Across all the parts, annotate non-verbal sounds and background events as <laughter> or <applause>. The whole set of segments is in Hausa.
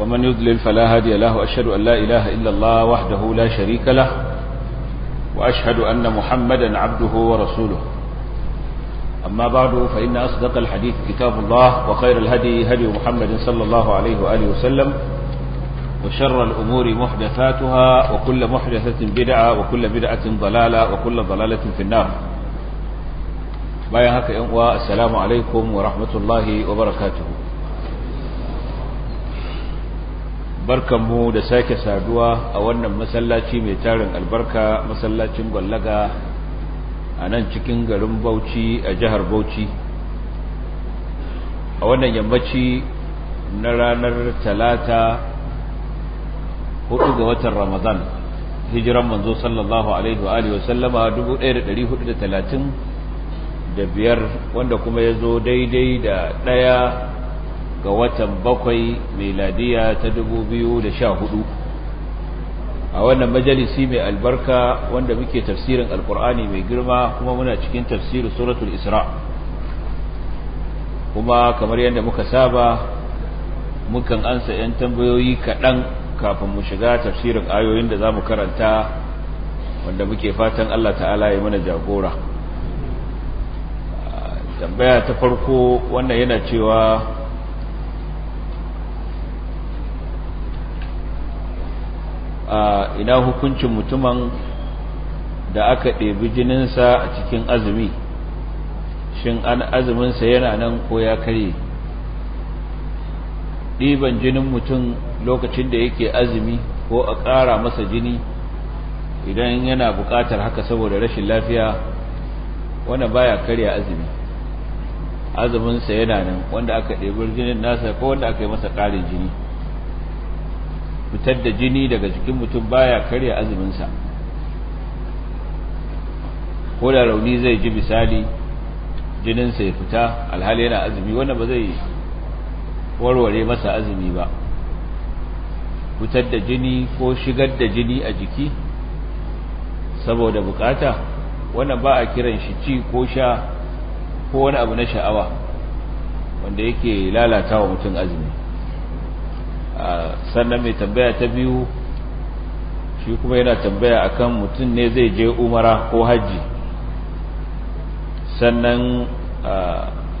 ومن يضلل فلا هادي له أشهد أن لا إله إلا الله وحده لا شريك له وأشهد أن محمدا عبده ورسوله أما بعد فإن أصدق الحديث كتاب الله وخير الهدي هدي محمد صلى الله عليه وآله وسلم وشر الأمور محدثاتها وكل محدثة بدعة وكل بدعة ضلالة وكل ضلالة في النار بايا هكا السلام عليكم ورحمة الله وبركاته mu da sake saduwa a wannan masallaci mai tarin albarka masallacin gwallaga a nan cikin garin bauchi a jihar bauchi a wannan yammaci na ranar talata hudu ga watan ramadan hijiran manzo sallallahu alaihi wa alihi da biyar wanda kuma ya zo daidai da ɗaya ga watan bakwai mai meladiya ta dubu biyu da sha hudu a wannan majalisi mai albarka wanda muke tafsirin alkur'ani mai girma kuma muna cikin tafsirin suratul isra kuma kamar yadda muka saba mukan ansa 'yan tambayoyi kaɗan kafin mu shiga tafsirin ayoyin da za mu karanta wanda muke fatan allah ta'ala ya mana jagora tambaya ta farko wannan yana cewa A ina hukuncin mutumin da aka ɗebi jininsa a cikin azumi shin an azuminsa yana nan ko ya karye ɗiban jinin mutum lokacin da yake azumi ko a ƙara masa jini idan yana buƙatar haka saboda rashin lafiya wanda baya karya azumi azuminsa yana nan wanda aka ɗebi jinin nasa ko wanda aka yi masa ƙarin jini fitar da jini daga jikin mutum baya karya azuminsa ko da rauni zai ji misali jininsa ya fita alhali yana azumi wanda ba zai warware masa azumi ba fitar da jini ko shigar da jini a jiki saboda bukata wanda ba a kiran shi ci ko sha ko wani abu na sha'awa wanda yake lalata wa mutum azumi sannan mai tambaya ta biyu shi kuma yana tambaya akan mutum ne zai je umara ko hajji sannan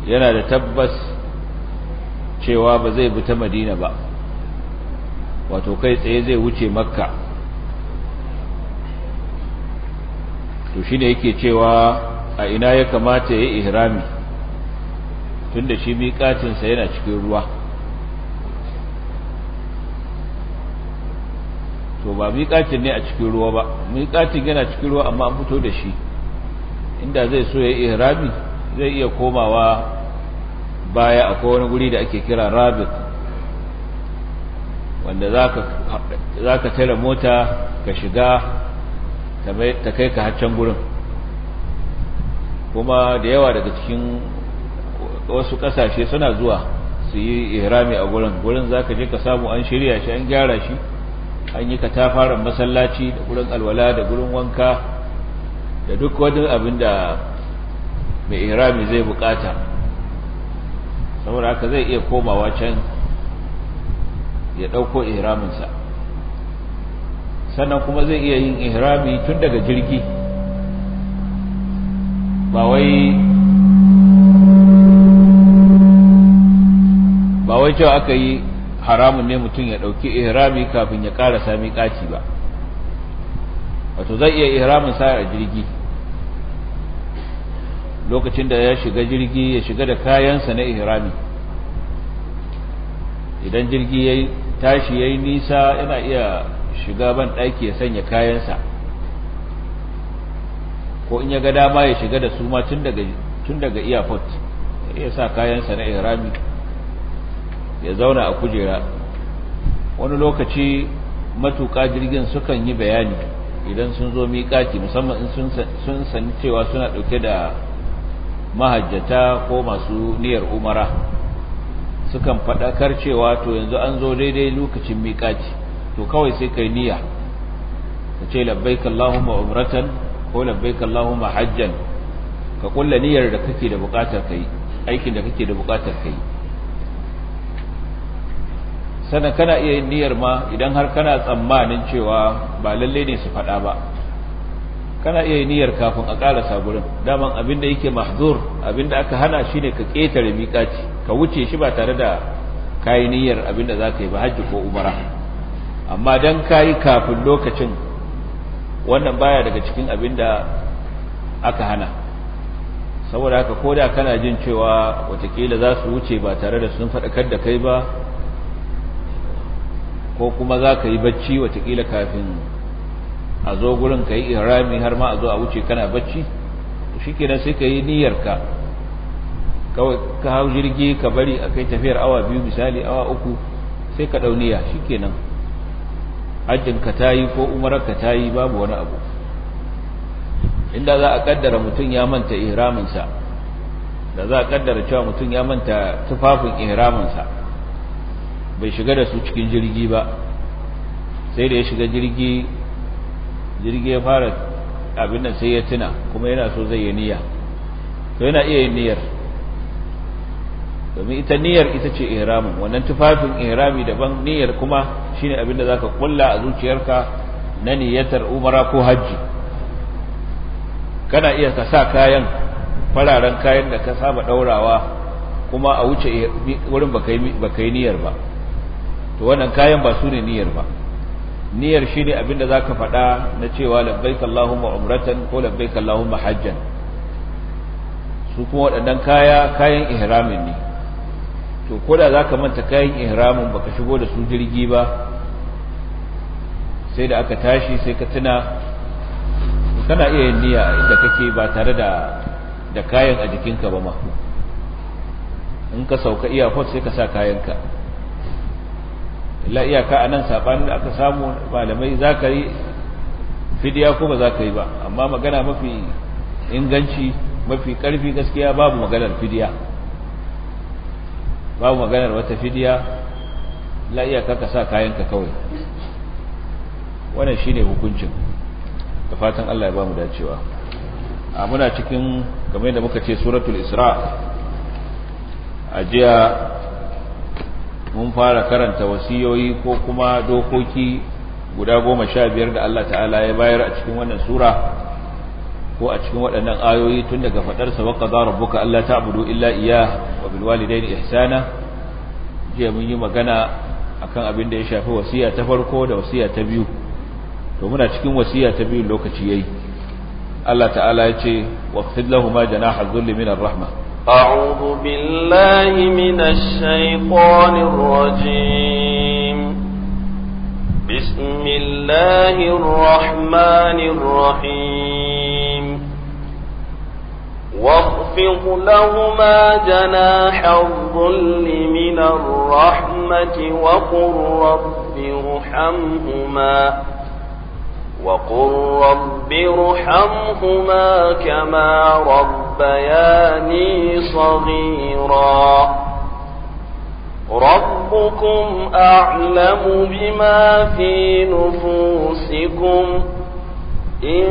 yana da tabbas cewa ba zai bi ta madina ba wato kai tsaye zai wuce makka to shi ne yake cewa a ina ya kamata ya yi ihrami tun da shi miƙacinsa yana cikin ruwa to ba miƙatin ne a cikin ruwa ba miƙatin yana cikin ruwa amma an fito da shi inda zai so ya iya rabi zai iya komawa baya a wani guri da ake kira rabit wanda za ka tare mota ka shiga ta kai ka haccan gurin kuma da yawa daga cikin wasu ƙasashe suna zuwa su yi ihrami a gurin gurin za ka je ka samu an shirya shi an gyara shi an yi katafaren masallaci da gurin alwala da gurin wanka da duk wani abin da mai irami zai bukata saboda haka zai iya komawa can ya ɗauko iraminsa sannan kuma zai iya yin irami tun daga jirgi ba wai ba wai cewa aka yi haramun ne mutum ya ɗauki ihrami kafin ya ƙara sami ƙaci ba wato zai iya ihramin sa a jirgi lokacin da ya shiga jirgi ya shiga da kayansa na ihrami idan jirgi ya tashi ya yi nisa yana iya shiga ban ɗaki ya sanya kayansa ko in ya ga dama ya shiga da su ma tun daga iyafot ya sa kayansa na ihrami ya zauna a kujera wani lokaci matuƙa jirgin sukan yi bayani idan sun zo miƙaci musamman in sun sani cewa suna ɗauke da mahajjata ko masu niyyar umara sukan faɗakar cewa to yanzu an zo daidai lokacin miƙaci to kawai sai kai niyya ka ce labbaika Allahumma umratan ko labbaika Allahumma hajjan ka ƙulla niyyar da kake da buƙatar kai aikin da kake da buƙatar kai sannan kana iya yin niyyar ma idan har kana tsammanin cewa ba lalle ne su faɗa ba kana iya yin niyyar kafin a ƙara sabulin daman abin da yake mahzur abin da aka hana shi ne ka ƙetare miƙaci ka wuce shi ba tare da kayi niyyar abin da za ka yi ba hajji ko umara amma don kayi kafin lokacin wannan baya daga cikin abin da aka hana saboda haka ko da kana jin cewa watakila za su wuce ba tare da sun faɗakar da kai ba ko kuma za ka yi bacci watakila kafin a zo gurin ka yi irami har ma a zo a wuce kana bacci shi kenan sai ka yi niyyarka ka hau jirgi ka bari a kai tafiyar awa biyu misali awa uku sai ka ɗauniya? shi kenan hajjinka ta yi ko umararka ta yi babu wani abu inda za a kaddara mutum ya manta ihraminsa da za a kaddara cewa mutum ya manta tufafin ihraminsa bai shiga da su cikin jirgi ba sai da ya shiga jirgi jirgi ya fara abin nan sai ya tuna kuma yana so zai yi niyya to yana iya yin niyyar domin ita niyyar ita ce ihramin wannan tufafin ihrami daban niyyar kuma shine abin da zaka kulla a zuciyarka na niyyatar umara ko hajji kana iya ka sa kayan fararen kayan da ka saba daurawa kuma a wuce wurin ba yi niyyar ba to wannan kayan ba su ne niyyar ba niyyar shine abinda ka faɗa na cewa labbaik Allahumma umratan ko labbaik Allahumma hajjan su kuma waɗannan kaya kayan ihramin ne to ko da zaka manta kayan ihramin baka shigo da su jirgi ba sai da aka tashi sai ka tuna kana iya yin niyya inda kake ba tare da da kayan a jikinka ba ma in ka sauka iya sai ka sa kayanka la iyaka anan sabanin da aka samu malamai zakari fidiya ko ba ba amma magana mafi inganci mafi karfi gaskiya babu maganar fidiya babu maganar wata fidiya la iyaka ka sa kayan ka kawai wannan shine hukuncin da fatan Allah ya ba mu dacewa a muna cikin game da muka ce suratul isra a jiya mun fara karanta wasiyoyi ko kuma dokoki guda goma sha biyar da Allah ta'ala ya bayar a cikin wannan sura ko a cikin waɗannan ayoyi tun daga faɗarsa wa qadara rabbuka alla ta'budu illa iyyah wa bil walidayni ihsana jiya mun yi magana akan abin da ya shafi wasiya ta farko da wasiya ta biyu to muna cikin wasiya ta biyu lokaci yayi Allah ta'ala ya ce waqfid ma janaha dhulli min ar-rahmah أعوذ بالله من الشيطان الرجيم بسم الله الرحمن الرحيم واخفض لهما جناح الظل من الرحمة وقل رب ارحمهما وقل رب ارحمهما كما ربياني صغيرا ربكم أعلم بما في نفوسكم إن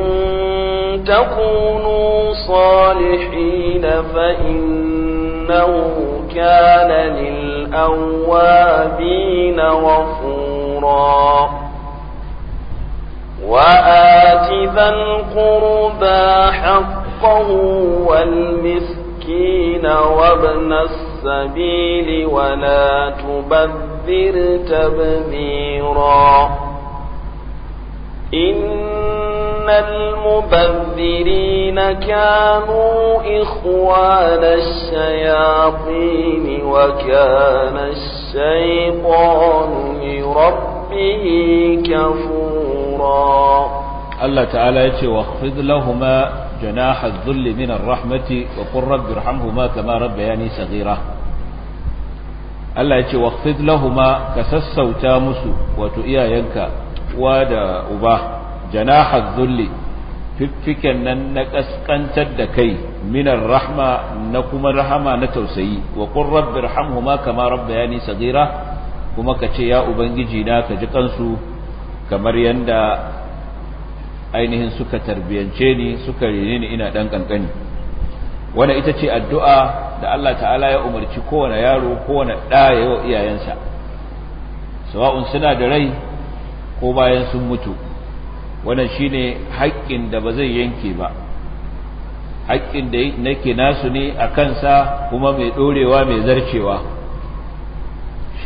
تكونوا صالحين فإنه كان للأوابين غفورا وآت ذا القربى حقه والمسكين وابن السبيل ولا تبذر تبذيرا إن المبذرين كانوا إخوان الشياطين وكان الشيطان لربه كفورا نفورا الله تعالى يتي واخفض لهما جناح الذل من الرحمة وقل رب ارحمهما كما ربياني صغيرة الله يتي واخفض لهما كسسو تامس وتؤيا ينكا وادا أباه جناح الذل fiffiken nan na ƙasƙantar da kai minar rahma na kuma rahama na tausayi wa qur rabbirhamhuma kama rabbayani saghira kuma ya ubangiji na ka ji kansu kamar yadda ainihin suka tarbiyance ni suka rene ni ina ɗan kankani wanda ita ce addu'a da Allah ta'ala ya umarci kowane yaro kowane ɗa ya wa iyayensa sawa'un suna da rai ko bayan sun mutu wannan shine haƙƙin da ba zai yanke ba haƙƙin da nake nasu ne a kansa kuma mai ɗorewa mai zarcewa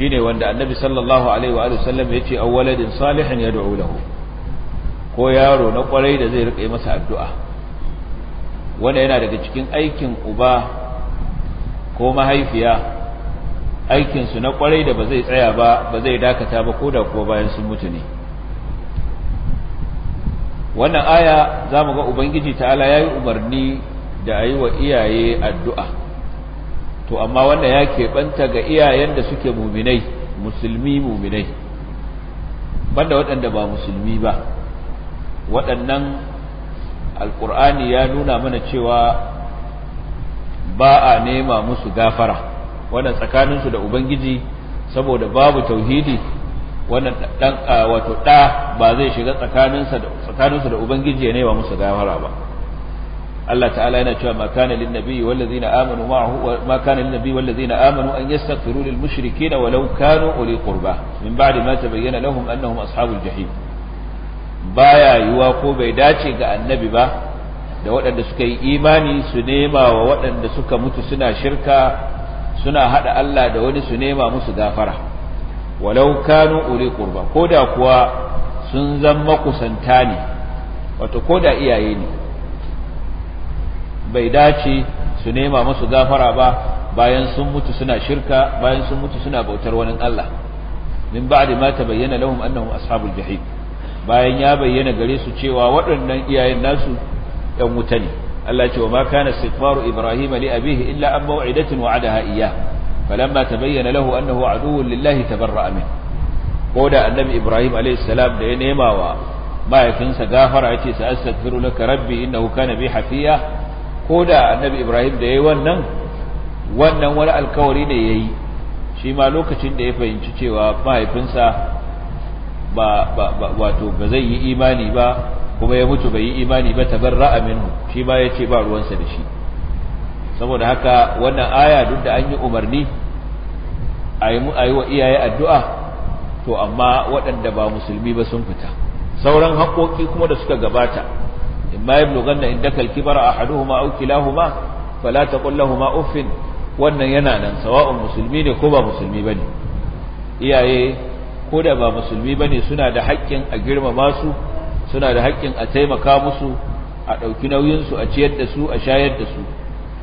shine wanda annabi sallallahu alaihi wa sallam yace aw waladin salihin yad'u lahu ko yaro na kwarai da zai rika masa addu'a wanda yana daga cikin aikin uba ko mahaifiya aikin su na kwarai da ba zai tsaya ba ba zai dakata ba koda kuwa bayan sun mutu ne wannan aya zamu ga ubangiji ta'ala yayi umarni da ayi wa iyaye addu'a to amma wannan ya keɓanta ga iyayen da suke muminai musulmi muminai banda waɗanda ba musulmi ba waɗannan alƙur'ani ya nuna mana cewa ba a nema musu gafara wannan tsakaninsu da ubangiji saboda babu tauhidi wannan ɗan wato ɗa ba zai shiga tsakaninsu da ubangiji ya nema musu gafara ba Allah ta'ala yana cewa ma kana lin nabiyyi wal ladzina amanu ma'ahu ma kana lin nabiyyi wal ladzina amanu an yastaghfiru lil mushrikeena walau kanu uli qurba min ba'di ma tabayyana lahum annahum ashabul jahim baya yiwa ko bai dace ga annabi ba da waɗanda suka yi imani su nema wa waɗanda suka mutu suna shirka suna hada Allah da wani su nema musu gafara walau kanu uli qurba koda kuwa sun zama kusanta ne wato koda iyaye ne bai dace su nema masu gafara ba bayan sun mutu suna shirka bayan sun mutu suna bautar wani Allah min ba'di ma tabayyana lahum annahum ashabul jahim bayan ya bayyana gare su cewa waɗannan iyayen nasu ɗan wuta ne Allah ce wa ma kana istighfaru ibrahima li abihi illa an maw'idatin wa'adaha iyyah falamma tabayyana lahu annahu aduwwun lillahi tabarra'a min ko da annabi ibrahim alayhi salam da ya nema wa mahaifinsa gafara ya ce astaghfiru laka rabbi innahu kana bi hafiya ko da annabi ibrahim da ya yi wannan wannan wani alkawari ne ya yi shi ma lokacin da ya fahimci cewa mahaifinsa wato ba zai yi imani ba kuma ya mutu bai yi imani ba tabarra aminu shi ma ya ce ba ruwansa da shi saboda haka wannan aya duk da an yi umarni a yi wa iyaye addu'a to amma waɗanda ba musulmi ba sun fita sauran haƙoƙi kuma da suka gabata ma yablughanna indaka al-kibara ahaduhuma aw kilahuma fala taqul lahumā uff wannan yana nan sawa'un musulmi ne ko ba musulmi bane iyaye ko da ba musulmi bane suna da haƙƙin a girmama su suna da haƙƙin a taimaka musu a ɗauki nauyin su a ciyar da su a shayar da su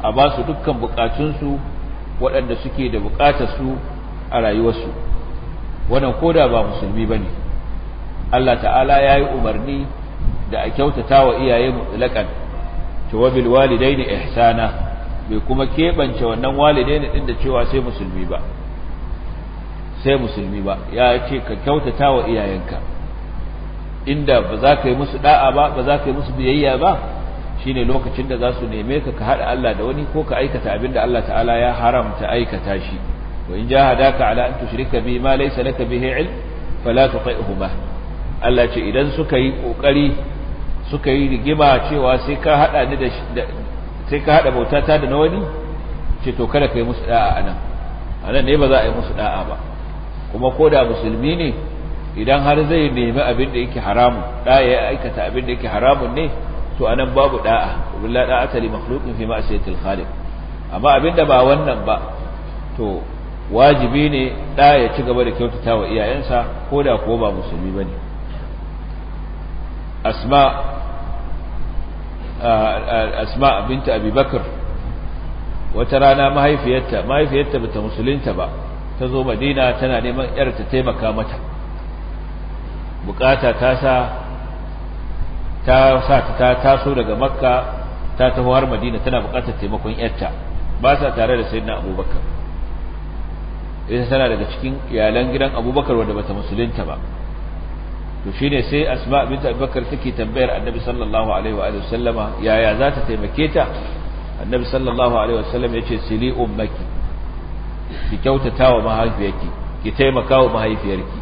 a ba su dukkan bukatun su waɗanda suke da bukatar su a rayuwarsu wannan ko da ba musulmi bane Allah ta'ala ya yi umarni da a kyautata wa iyaye mutlaqan to wa bil ihsana bai kuma keɓance wannan walidai din da cewa sai musulmi ba sai musulmi ba ya ce ka kyautata wa iyayenka inda ba za ka yi musu da'a ba ba za ka yi musu biyayya ba shine lokacin da za su neme ka ka haɗa Allah da wani ko ka aikata abin da Allah ta'ala ya haramta aikata shi wa in jahadaka ala an tushrika bi ma laysa laka bihi ilm fala tuti'huma Allah ce idan suka yi kokari suka yi rigima cewa sai ka haɗa ni da bautata da na wani ce to kada kai musu da'a anan anan ne ba za a yi musu ɗa'a ba kuma ko da musulmi ne idan har zai nemi abin da yake haramun da ya aikata abin da yake haramun ne to anan babu da'a billahi ta li makhluqin fi ma'siyatil khaliq amma abin da ba wannan ba to wajibi ne da ya ci gaba da kyautatawa iyayensa ko da ko ba musulmi ba bane asma asma binta abi bakar wata rana mahaifiyarta mahaifiyarta bata musulunta ba ta zo madina tana neman yar ta taimaka mata bukata ta sa ta sa ta taso daga makka ta taho har madina tana bukatar taimakon yarta ba sa tare da sayyidina abubakar ita tana daga cikin iyalan gidan abubakar wanda bata musulunta ba to ne sai asma bint abubakar take tambayar annabi sallallahu alaihi wa alihi sallama yaya za ta taimake ta annabi sallallahu alaihi wa sallam yace sili ummaki ki kyautata wa mahaifiyarki ki taimaka wa mahaifiyarki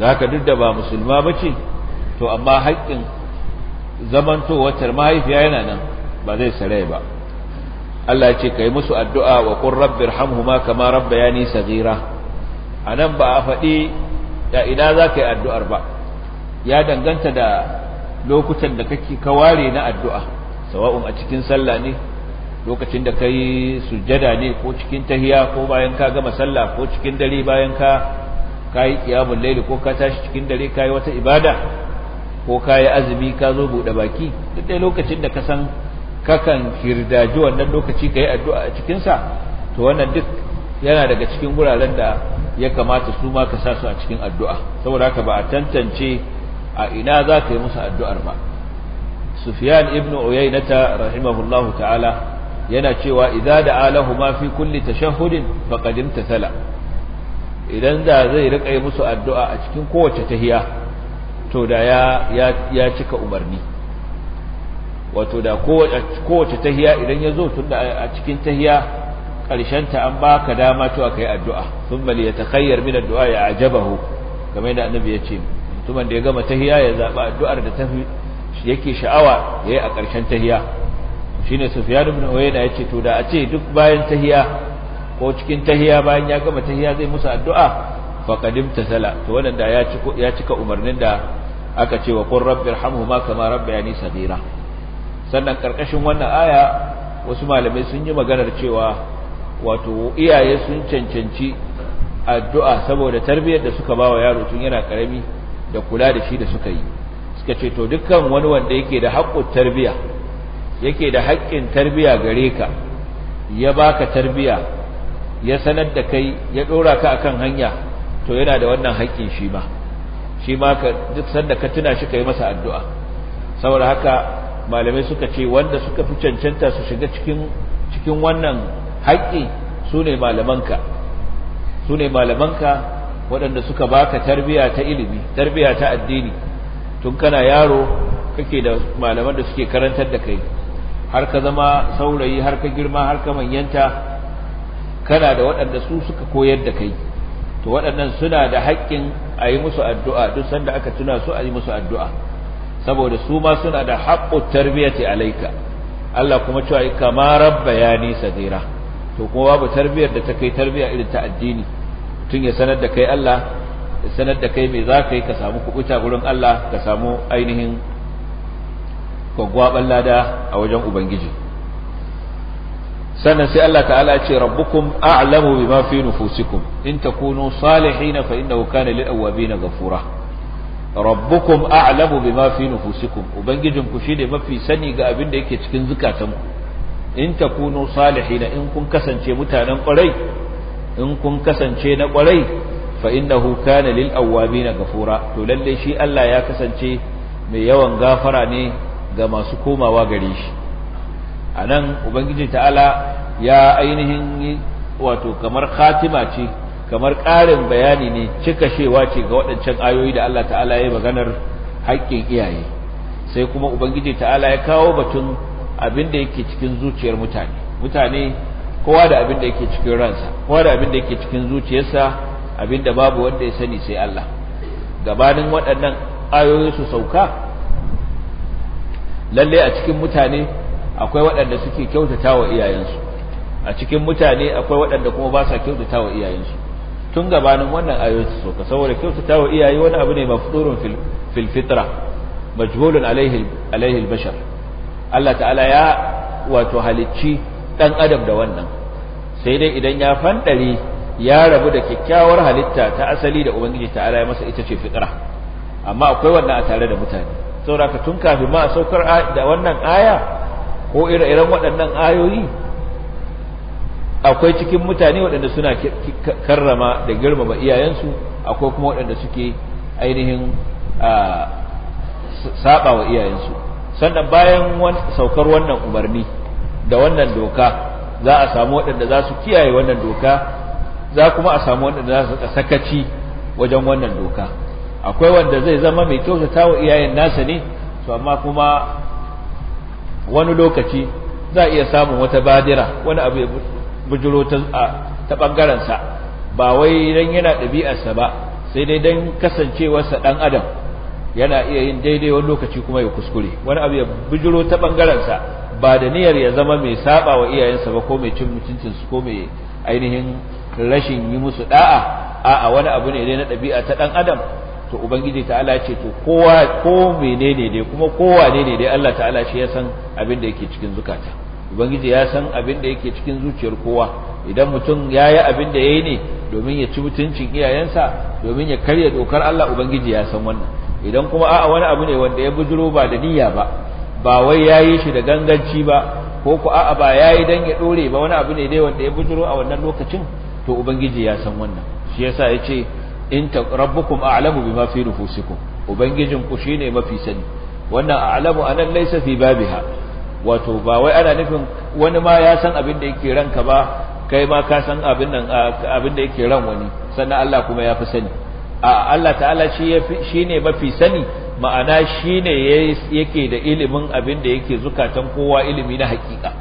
da haka duk da ba musulma bace to amma haƙƙin zamantowatar mahaifiya yana nan ba zai sarai ba Allah ce kai musu addu'a wa qur rabbirhamhuma kama rabbayani saghira anan ba a faɗi ya ina za ka yi addu'ar ba ya danganta da lokutan da kake ka ware na addu'a sawa'un a cikin sallah ne lokacin da kai sujjada ne ko cikin tahiya ko bayan ka gama sallah ko cikin dare bayan ka kai qiyamul layl ko ka tashi cikin dare kai wata ibada ko kai azumi ka zo bude baki duk dai lokacin da ka san kakan firdaji wannan lokaci kai addu'a a cikin to wannan duk yana daga cikin guraren da ya kamata su ma ka sa su a cikin addu'a saboda haka ba a tantance a ina za ka yi musu addu'ar ba sufiyan ibn uyainata rahimahullahu ta'ala yana cewa idan da alahu ma fi kulli tashahhudin ta imtathala idan da zai rika yi musu addu'a a cikin kowace tahiya to da ya cika umarni wato da kowace tahiya idan ya zo tun a cikin tahiya ta an baka dama cewa yi addu'a thumma li yatakhayyar min addu'a ya ajabahu game da annabi ya ce mutumin da ya gama tahiya ya zaba addu'ar da tafi yake sha'awa yayi a ƙarshen tahiya shine Sufyan ibn Uyayna yace to da a ce duk bayan tahiya ko cikin tahiya bayan ya gama tahiya zai musu addu'a faqadim tasala to wannan da ya ci ya cika umarnin da aka ce wa qur rabbirhamhuma kama rabbayani sadira sannan karkashin wannan aya wasu malamai sun yi maganar cewa wato iyaye sun cancanci addu'a saboda tarbiyyar da suka ba wa yaro tun yana karami da kula da shi da suka yi suka ce to dukkan wani wanda yake da haƙƙin tarbiya yake da haƙƙin tarbiya gare ka ya baka tarbiya ya sanar da kai ya ɗora ka akan hanya to yana da wannan haƙƙin shi ma shi ma ka duk sanda ka tuna shi ka yi masa addu'a saboda haka malamai suka ce wanda suka fi cancanta su shiga cikin cikin wannan haƙƙi su ne malamanka su ne malamanka waɗanda suka baka tarbiya ta ilimi tarbiya ta addini tun kana yaro kake da malaman da suke karantar da kai har ka zama saurayi har ka girma har ka manyanta kana da waɗanda su suka koyar da kai to waɗannan suna da haƙƙin a yi musu addu'a duk sanda aka tuna su a yi musu addu'a saboda su ma suna da haƙƙun tarbiyyati alaika Allah kuma cewa kama rabba ya nisa to kuma babu tarbiyyar da ta kai tarbiyya irin ta addini Tun ya sanar da kai Allah ya sanar da kai me za ka yi ka samu kubuta gurin Allah ka samu ainihin gwaggwaban lada a wajen ubangiji sannan sai Allah ta'ala ce rabbukum a'lamu bima fi nufusikum in takunu salihin fa innahu kana lil awwabin ghafura rabbukum a'lamu bima fi nufusikum ubangijin ku shine mafi sani ga abin da yake cikin zukatanku in takunu salihin in kun kasance mutanen kwarai in kun kasance na kwarai fa innahu kana lil na gafura, to lalle shi Allah ya kasance mai yawan gafara ne ga masu komawa gare shi anan ubangiji ta'ala ya ainihin wato kamar khatima ce kamar ƙarin bayani ne cika shewa ce ga waɗancan ayoyi da Allah ta'ala ya yi maganar haƙƙin iyaye sai kuma ubangiji ta'ala ya kawo batun abin da yake cikin zuciyar mutane mutane kowa da abin da yake cikin ransa kowa da abin da yake cikin zuciyarsa abin da babu wanda ya sani sai Allah gabanin waɗannan ayoyi su sauka lalle a cikin mutane akwai waɗanda suke kyautata wa iyayensu a cikin mutane akwai waɗanda kuma ba sa kyautata wa iyayensu tun gabanin wannan ayoyi su sauka saboda kyautata wa iyaye wani abu ne mafdurun fil fitra majhulun alaihi alaihi bashar Allah ta'ala ya wato halicci Ɗan adam da wannan sai dai idan ya fandare ya rabu da kyakkyawar halitta ta asali da ubangiji ta'ala ya masa ita ce fitra amma akwai wannan a tare da mutane saboda ka tun kafin ma a saukar da wannan aya ko ire-iren waɗannan ayoyi akwai cikin mutane waɗanda suna karrama da girmama iyayensu akwai kuma waɗanda suke ainihin saba wa iyayensu sannan bayan saukar wannan umarni da wannan doka za a samu waɗanda za su kiyaye wannan doka za kuma a samu waɗanda za su sakaci wajen wannan doka akwai wanda zai zama mai kyautata wa iyayen nasa ne to amma kuma wani lokaci za a iya samun wata badira wani abu ya bujiro ta ɓangarensa ba wai don yana ɗabi'arsa ba sai dai don kasancewarsa ɗan adam yana iya yin daidai wani lokaci kuma ya kuskure wani abu ya bujiro ta ɓangarensa ba da niyyar ya zama mai saba wa iyayensa ba ko mai cin mutuncin su ko mai ainihin rashin yi musu da'a a'a wani abu ne dai na ɗabi'a ta dan adam to ubangiji ta'ala ce to kowa ko menene dai kuma kowa ne ne dai Allah ta'ala shi ya san abin da yake cikin zukata ubangiji ya san abin da yake cikin zuciyar kowa idan mutum ya yi abin da ya yi ne domin ya ci mutuncin iyayensa domin ya karya dokar Allah ubangiji ya san wannan idan kuma a'a wani abu ne wanda ya bujuro ba da niyya ba ba wai yayi shi da ganganci ba ko ku a'a ba yayi dan ya dore ba wani abu ne dai wanda ya bujuro a wannan lokacin to ubangiji ya san wannan shi yasa yace in ta rabbukum a'lamu bima fi nufusikum ubangijin ku shine mafi sani wannan a'lamu anan laysa fi babiha wato ba wai ana nufin wani ma ya san abin da yake ranka ba kai ma ka san abin nan abin da yake ran wani sannan Allah kuma ya fi sani a Allah ta'ala shi ne mafi sani ma'ana shine yake da ilimin abin da yake zukatan kowa ilimi na hakika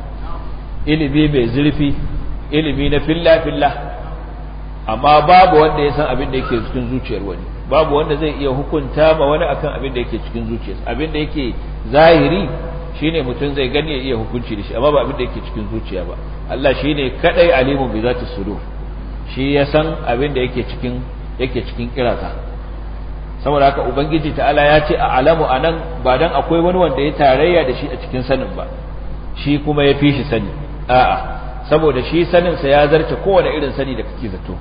ilimi mai zurfi ilimi na filla filla amma babu wanda ya san abin da yake cikin zuciyar wani babu wanda zai iya hukunta ma wani akan abin da yake cikin zuciyar. abin da yake zahiri shine mutum zai gani ya iya hukunci da shi amma ba abin da yake cikin zuciya ba Allah shine kadai alimun bi zati sudur shi ya san abin da yake cikin yake cikin kiraza saboda haka ubangiji ta'ala ya ce a alamu anan ba dan akwai wani wanda ya tarayya da shi a cikin sanin ba shi kuma ya fi shi sani a'a saboda shi sanin sa ya zarce kowane irin sani da kake zato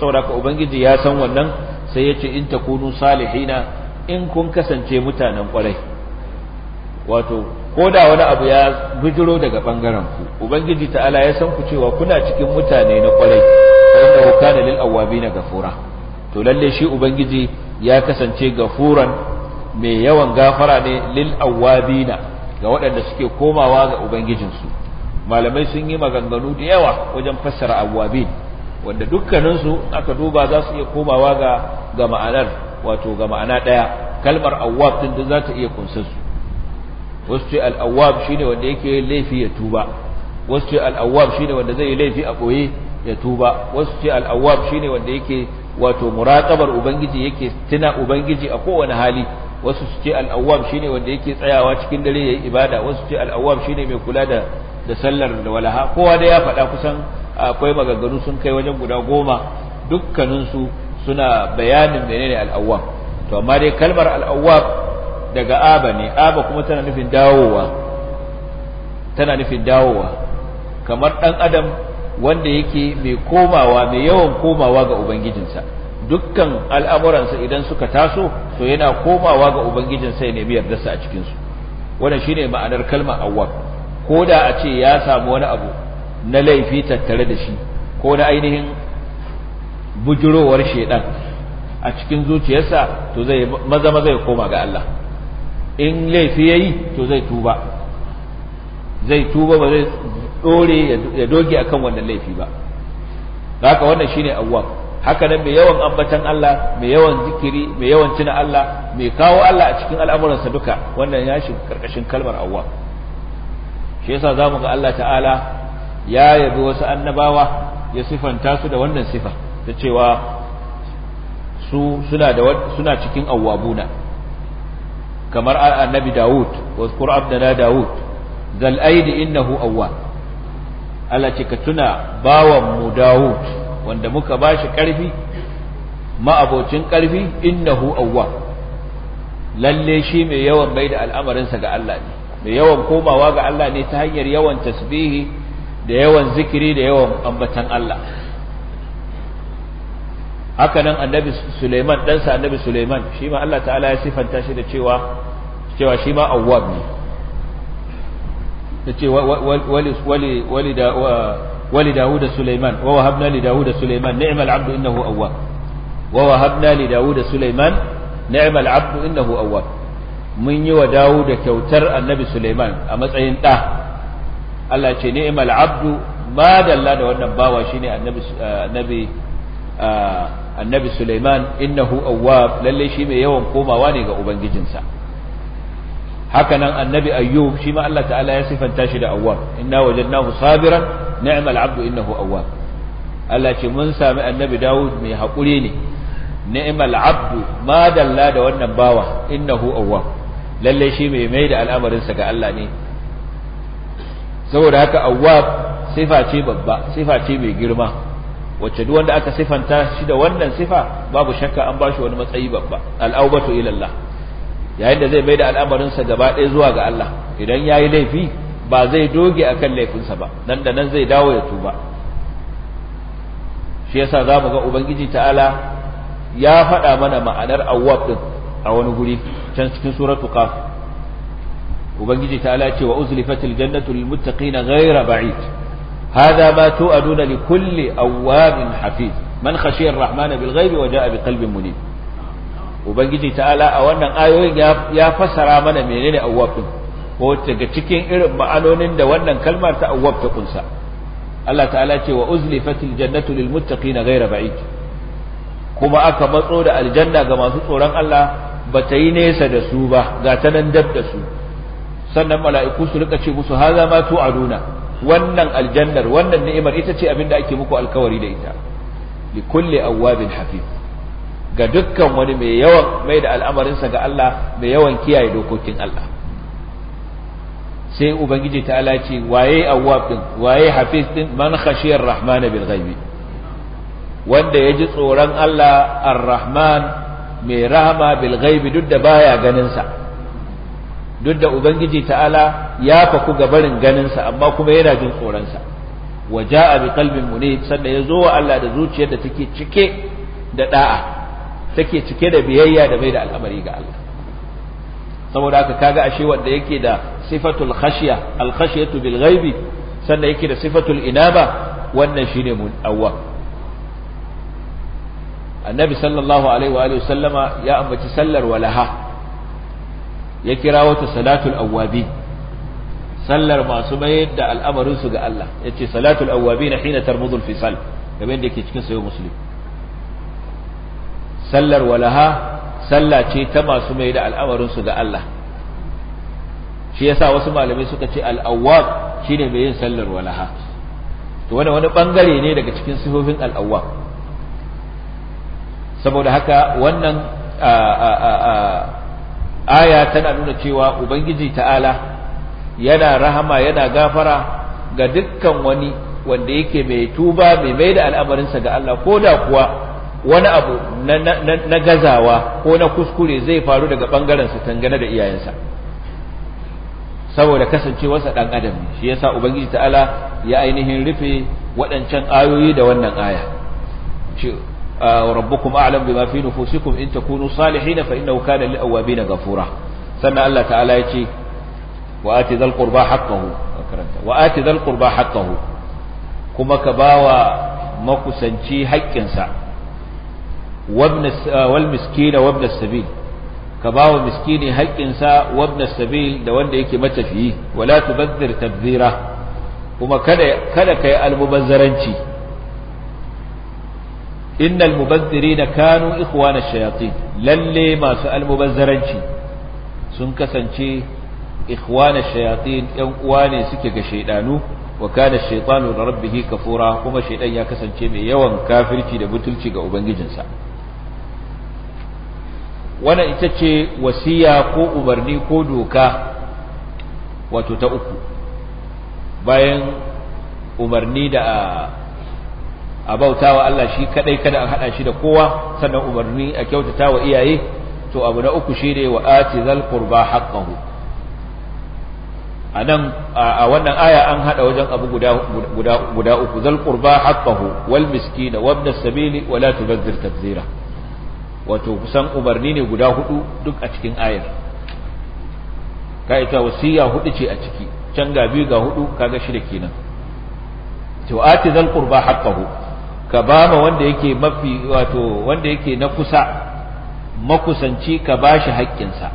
saboda haka ubangiji ya san wannan sai ya ce in ta kunu salihina in kun kasance mutanen kwarai wato ko da wani abu ya bijiro daga bangaren ku ubangiji ta'ala ya san ku cewa kuna cikin mutane na kwarai wanda hukana lil na gafura to lalle shi ubangiji ya kasance gafuran mai yawan gafara ne lil awabina ga waɗanda suke komawa ga ubangijinsu malamai sun yi maganganu da yawa wajen fassara awabin wanda dukkaninsu aka duba za su iya komawa ga ga ma'anar wato ga ma'ana ɗaya kalmar awab din da za ta iya kunsa su wasu ce al'awwab shine wanda yake laifi ya tuba wasu ce al'awwab shine wanda zai laifi a ɓoye ya tuba wasu ce al'awwab shine wanda yake wato muraqabar ubangiji yake tuna ubangiji a kowane hali wasu su ce al'awwam shine wanda yake tsayawa cikin dare yayi ibada wasu su ce al'awwam shine mai kula da da sallar da walaha kowa da ya faɗa kusan akwai maganganu sun kai wajen guda goma dukkaninsu suna bayanin menene al'awwam to amma dai kalmar al'awwam daga aba ne aba kuma tana nufin dawowa tana nufin dawowa kamar dan adam wanda yake mai komawa mai yawan komawa ga ubangijinsa dukkan al'amuransa idan suka taso to yana komawa ga ubangijinsa ya nemi yardarsa a cikinsu wannan shine ma'anar kalmar Awwar ko da a ce ya samu wani abu na laifi tattare da shi ko na ainihin bujirowar shaidan a cikin zuciyarsa to zai maza maza ya koma ga Allah in laifi yayi to zai tuba zai tuba ba zai dore ya doge akan wannan laifi ba haka wannan shine awwab haka nan mai yawan ambatan Allah mai yawan zikiri mai yawan tuna Allah mai kawo Allah a cikin al'amuransa duka wannan ya shi karkashin kalmar awwab shi yasa zamu ga Allah ta'ala ya yabi wasu annabawa ya sifanta su da wannan sifa ta cewa su suna da suna cikin awwabuna kamar annabi Dawud wa qur'an da Dawud zal aidi innahu awwab Allah ce ka tuna bawan mu Dawud wanda muka bashi karfi ma'abocin karfi innahu awwa lalle shi mai yawan bai da al'amarinsa ga Allah ne mai yawan komawa ga Allah ne ta hanyar yawan tasbihi da yawan zikiri da yawan ambatan Allah haka nan annabi Suleiman ɗansa annabi Suleiman shi ma Allah ta'ala ya sifanta shi da cewa cewa shi ma awwab ne yace wali wali da wali Dawud Sulaiman wa wahabna li Dawud Sulaiman ni'mal 'abdu innahu awwab wa wahabna li Dawud Sulaiman ni'mal mun yi wa Dawud kyautar annabi Sulaiman a matsayin da Allah ce ni'mal 'abdu ma dalla da wannan bawa shine annabi annabi annabi Sulaiman innahu awwab lalle shi mai yawan komawa ne ga ubangijinsa haka nan annabi ayyub shi ma Allah ta'ala ya sifanta shi da awwab inna wajadnahu sabiran ni'mal abdu innahu awwab Allah ce mun sami annabi Dawud mai haƙuri ne ni'mal abdu ma dalla da wannan bawa innahu awwab lalle shi mai mai da al'amarin sa ga Allah ne saboda haka awwab sifa ce babba sifa ce mai girma wacce duk wanda aka sifanta shi da wannan sifa babu shakka an bashi wani matsayi babba al'aubatu ila yayin da zai mai da al'amarinsa gaba ɗaya zuwa ga Allah idan ya yi laifi ba zai doge a kan laifinsa ba nan da nan zai dawo ya tuba shi yasa za mu ga ubangiji ta'ala ya faɗa mana ma'anar awwab ɗin a wani guri can cikin suratu qaf ubangiji ta'ala ce wa uzlifatil jannatu lil muttaqina ghayra ba'id hadha ma tu'aduna li kulli awwabin hafiz man khashiya ar-rahmana bil ghaibi wa ja'a bi qalbin munib ubangiji ta'ala a wannan ayoyin ya fasara mana menene awwab din ko daga cikin irin ma'anonin da wannan kalmar ta awwab ta kunsa Allah ta'ala ce wa uzlifatil jannatu lil muttaqina ghayra ba'id kuma aka matso da aljanna ga masu tsoron Allah ba ta yi nesa da su ba ga ta nan dab da su sannan mala'iku su rika ce musu haza ma tu'aduna wannan aljannar wannan ni'imar ita ce abinda ake muku alkawari da ita li kulle awwabin hafiz ga dukkan wani mai yawan mai da al'amarinsa ga Allah mai yawan kiyaye dokokin Allah sai ubangiji ta ala ce waye awwafin waye hafiz din man khashiyar rahman bil ghaibi wanda ji tsoron Allah ar-rahman mai rahama bil ghaibi duk da baya ganinsa duk da ubangiji ta'ala ya faku gabarin barin ganinsa amma kuma yana jin tsoronsa sa waja'a bi qalbin munib sannan zo wa Allah da zuciyar da take cike da da'a take cike da biyayya da mai da al'amari ga Allah saboda haka kaga ashe wanda yake da sifatul khashiya al khashiyatu bil ghaibi sannan yake da sifatul inaba wannan shine mun awwa annabi sallallahu alaihi wa alihi sallama ya ambaci sallar walaha ya kira wata salatul awwabi sallar masu mayar da al'amarin su ga Allah yace salatul awwabi na hina tarmudul fisal game da yake cikin sayo muslim sallar walaha sallah ce ta masu mai da al'amarinsu ga Allah shi yasa wasu malamai suka ce al'awwab shine mai yin sallar walaha to wani wani bangare ne daga cikin sifofin al'awwab saboda haka wannan aya tana nuna cewa ubangiji ta'ala yana rahama yana gafara ga dukkan wani wanda yake mai tuba mai mai da al'amarinsa ga Allah ko da kuwa wani abu na gazawa ko na kuskure zai faru daga bangaren tangane da iyayensa saboda kasancewarsa dan adam ne shi yasa ubangiji ta'ala ya ainihin rufe waɗancan ayoyi da wannan aya ce rabbukum a'lam bima fi nufusikum in takunu salihin fa innahu kana lil awabin ghafura sannan Allah ta'ala ya ce wa ati dhal qurba haqqahu wa ati dhal qurba haqqahu kuma ka bawa makusanci haƙƙinsa wal miskina wa ibn sabil ka ba wa miskini haƙƙinsa sa ibn sabil da wanda yake matafiyi wala tubadhir tabdhira kuma kada kada kai almubazzaranci innal mubazzirina kanu ikhwana shayatin lalle masu almubazzaranci sun kasance ikhwana shayatin yan uwa ne suke ga shaydanu wa kana shaytanu da rabbihi kafura kuma shaydan ya kasance mai yawan kafirci da butulci ga ubangijinsa wannan ita ce wasiya ko umarni ko doka wato ta uku bayan umarni da a bautawa Allah shi kadai kada a hada shi da kowa sannan umarni a kyautata wa iyaye to abu na uku shine wa ati zal qurba haqqahu a wannan aya an hada wajen abu guda guda guda uku zal qurba haqqahu wal miskin wa ibn sabili wa la tubzir tabzira wato kusan umarni ne guda hudu duk a cikin ayar Ka ita wasiya hudu ce a ciki can ga biyu ga hudu kaga shida kenan to ati zal qurba haqqahu ka ba ma wanda yake mafi wato wanda yake na kusa makusanci ka ba shi haƙƙinsa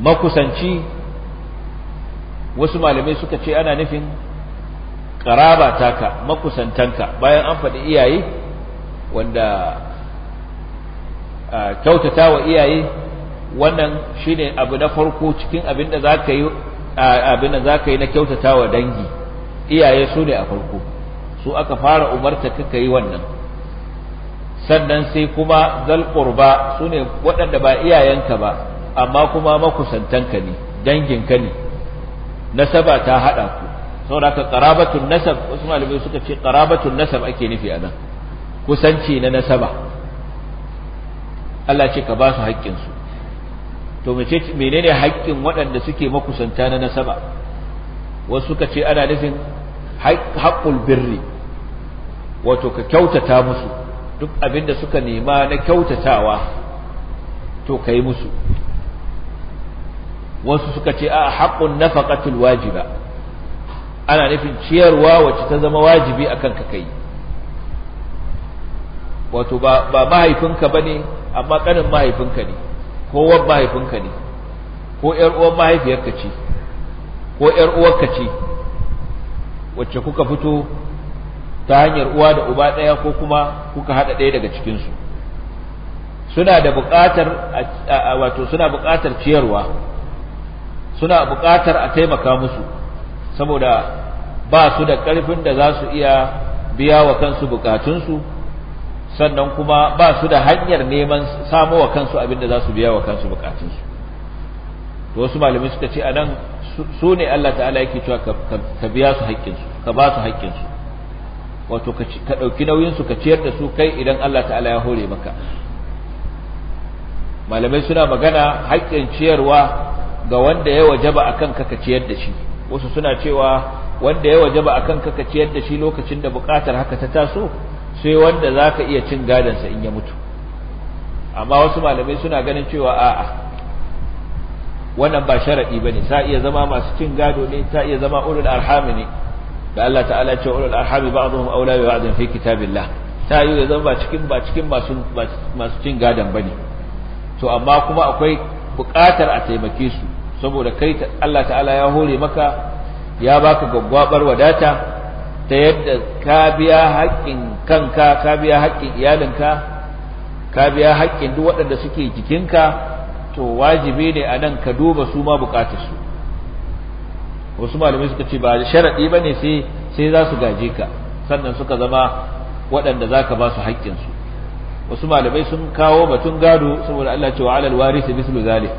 makusanci wasu malamai suka ce ana nufin karaba taka makusantanka bayan an faɗi iyaye wanda kyautata wa iyaye wannan shine abu na farko cikin abin da za ka yi abin da za ka yi na kyautata wa dangi iyaye su ne a farko su aka fara umarta kaka yi wannan sannan sai kuma zalƙurba su ne waɗanda ba iyayenka ba amma kuma makusantanka ne danginka ne nasaba ta haɗa ku saboda ka ƙarabatun nasab wasu malamai suka ce ƙarabatun nasab ake nufi a nan kusanci na nasaba Allah ce ka ba su haƙƙinsu to menene haƙƙin waɗanda suke makusanta na nasaba wasu suka ce ana nufin haƙƙul birri wato ka kyautata musu duk abin da suka nema na kyautatawa to ka yi musu wasu suka ce a haƙƙun nafaƙatul wajiba ana nufin ciyarwa wacce ta zama wajibi akan ka kai wato ba ba mahaifinka bane amma kanin mahaifinka ne ko wan mahaifinka ne ko ƴar uwan mahaifiyarka ce ko ƴar uwarka ce wacce kuka fito ta hanyar uwa da uba ɗaya ko kuma kuka haɗa ɗaya daga cikinsu suna da buƙatar wato suna buƙatar ciyarwa suna buƙatar a taimaka musu saboda ba su da ƙarfin da za su iya biya wa kansu buƙatunsu sannan kuma ba su da hanyar neman samo wa kansu abin da za su biya wa kansu bukatunsu to wasu malamai suka ce anan su ne Allah ta'ala yake cewa ka biya su haƙƙinsu ka ba su haƙƙinsu wato ka ɗauki nauyinsu ka ciyar da su kai idan Allah ta'ala ya hore maka malamai suna magana haƙƙin ciyarwa ga wanda ya wajaba a kan ka ciyar da shi wasu suna cewa wanda ya wajaba a kan ka ciyar da shi lokacin da buƙatar haka ta taso sai wanda za ka iya cin gadansa in ya mutu amma wasu malamai suna ganin cewa a'a wannan ba ba ne ta iya zama masu cin gado ne ta iya zama ulul arhami ne da Allah ta'ala ya ce ulul arhami ba'dhum awla bi ba'dhin fi kitabillah ta yi ya zama cikin ba cikin masu masu cin gadon bane to amma kuma akwai buƙatar a taimake su saboda kai Allah ta'ala ya hore maka ya baka gaggwabar wadata ta yadda ka biya haƙƙin kanka ka biya haƙƙin iyalinka ka biya haƙƙin duk waɗanda suke jikinka to wajibi ne a nan ka duba su ma buƙatarsu wasu malamai suka ce ba sharaɗi ba ne sai za su gaje ka sannan suka zama waɗanda za ka ba su haƙƙinsu wasu malamai sun kawo batun gado saboda Allah ce wa alal warisi mislu zalik